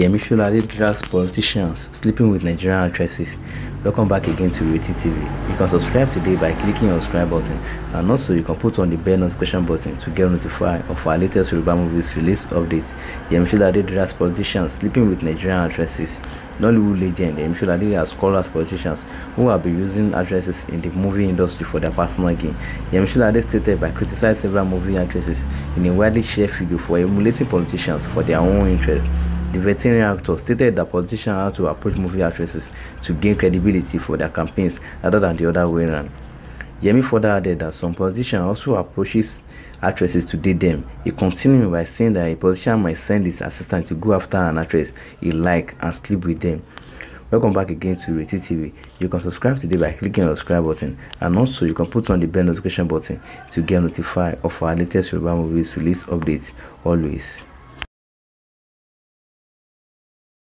Yemi Sholade drags politicians sleeping with Nigerian actresses. Welcome back again to Ireti TV. You can subscribe today by clicking on subscribe button and also you can put on the bell notification button to get notified of our latest Yoruba movies release updates. Yemi Sholade drags politicians sleeping with Nigerian actresses. Nollywood legend Yemi Sholade has scholars politicians who have been using actresses in the movie industry for their personal gain. Yemi Sholade stated by criticizing several movie actresses in a widely shared video for emulating politicians for their own interests. The veteran actor stated that politicians have to approach movie actresses to gain credibility for their campaigns rather than the other way around. Yemi further added that some politicians also approaches actresses to date them. He continued by saying that a politician might send his assistant to go after an actress he like and sleep with them. Welcome back again to Reti TV. You can subscribe today by clicking the subscribe button and also you can put on the bell notification button to get notified of our latest Yoruba movies release updates always.